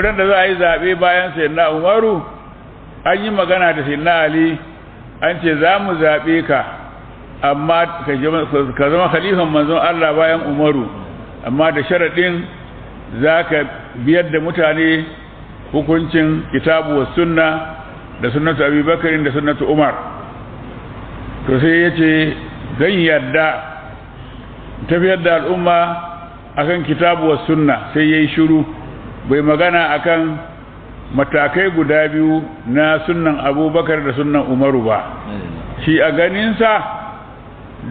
wadan da za a yi zaɓe bayan sayyidina umaru an yi magana da sayyidina ali an ce za mu zaɓe ka amma ka zama khalifan manzon Allah bayan umaru amma da sharaɗin za ka biyar da mutane hukuncin kitabu wa sunna da sunnatu abubakarin da sunnatu umar to sai ya ce zan yarda tafiyar da al'umma akan kitabu wa sunna sai ya yi shuru bai magana akan matakai guda biyu na sunnan abubakar da sunnan umaru ba shi a ganinsa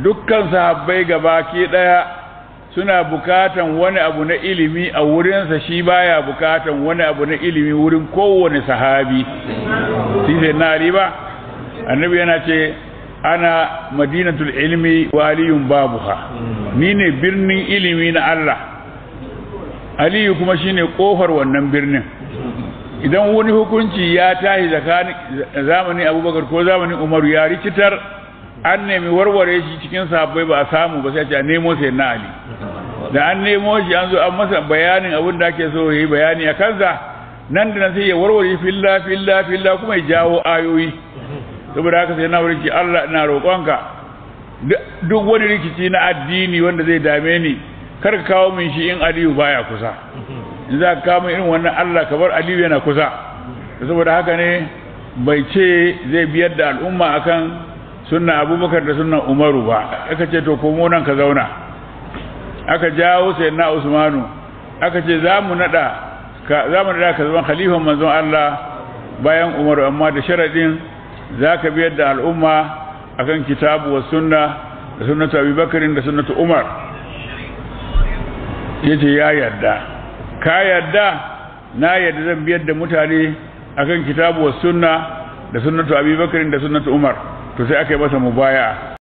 dukkan sahabbai gaba ke daya suna bukatan wani abu na ilimi a wurinsa shi baya bukatan wani abu na ilimi wurin kowane sahabi sai na riba, annabi yana ce ana madinatul ilmi waliyun babuha ni ne birnin ilimi na Allah aliyu kuma shine kofar wannan birnin idan wani hukunci ya tahi zamanin abubakar ko zamanin umaru ya rikitar an nemi warware shi cikin sahabbai ba a samu ba sai a nemo sai na ali da an nemo shi an zo an masa bayanin abin da ake so yi bayani a kansa nan da nan sai ya warware filla filla filla kuma ya jawo ayoyi saboda haka sai na wurin Allah ina roƙonka duk wani rikici na addini wanda zai dame ni kar ka kawo min shi in aliyu baya kusa in za ka kawo min irin wannan allah ka bar aliyu yana kusa saboda haka ne bai ce zai biyar da al'umma akan sunna abubakar da sunna umaru ba aka ce to komo nan ka zauna aka jawo sai na usmanu aka ce za mu naɗa za mu nada ka zama khalifan manzon allah bayan umaru amma da sharaɗin za ka biyar da al'umma akan kitabu wa sunna da sunnatu abubakarin da sunnatu umar ya ce ya yarda ka yarda na yarda zan biyar da mutane akan kitabu wa sunna da sunnatu abubakar da sunnatu umar to sai aka yi masa mubaya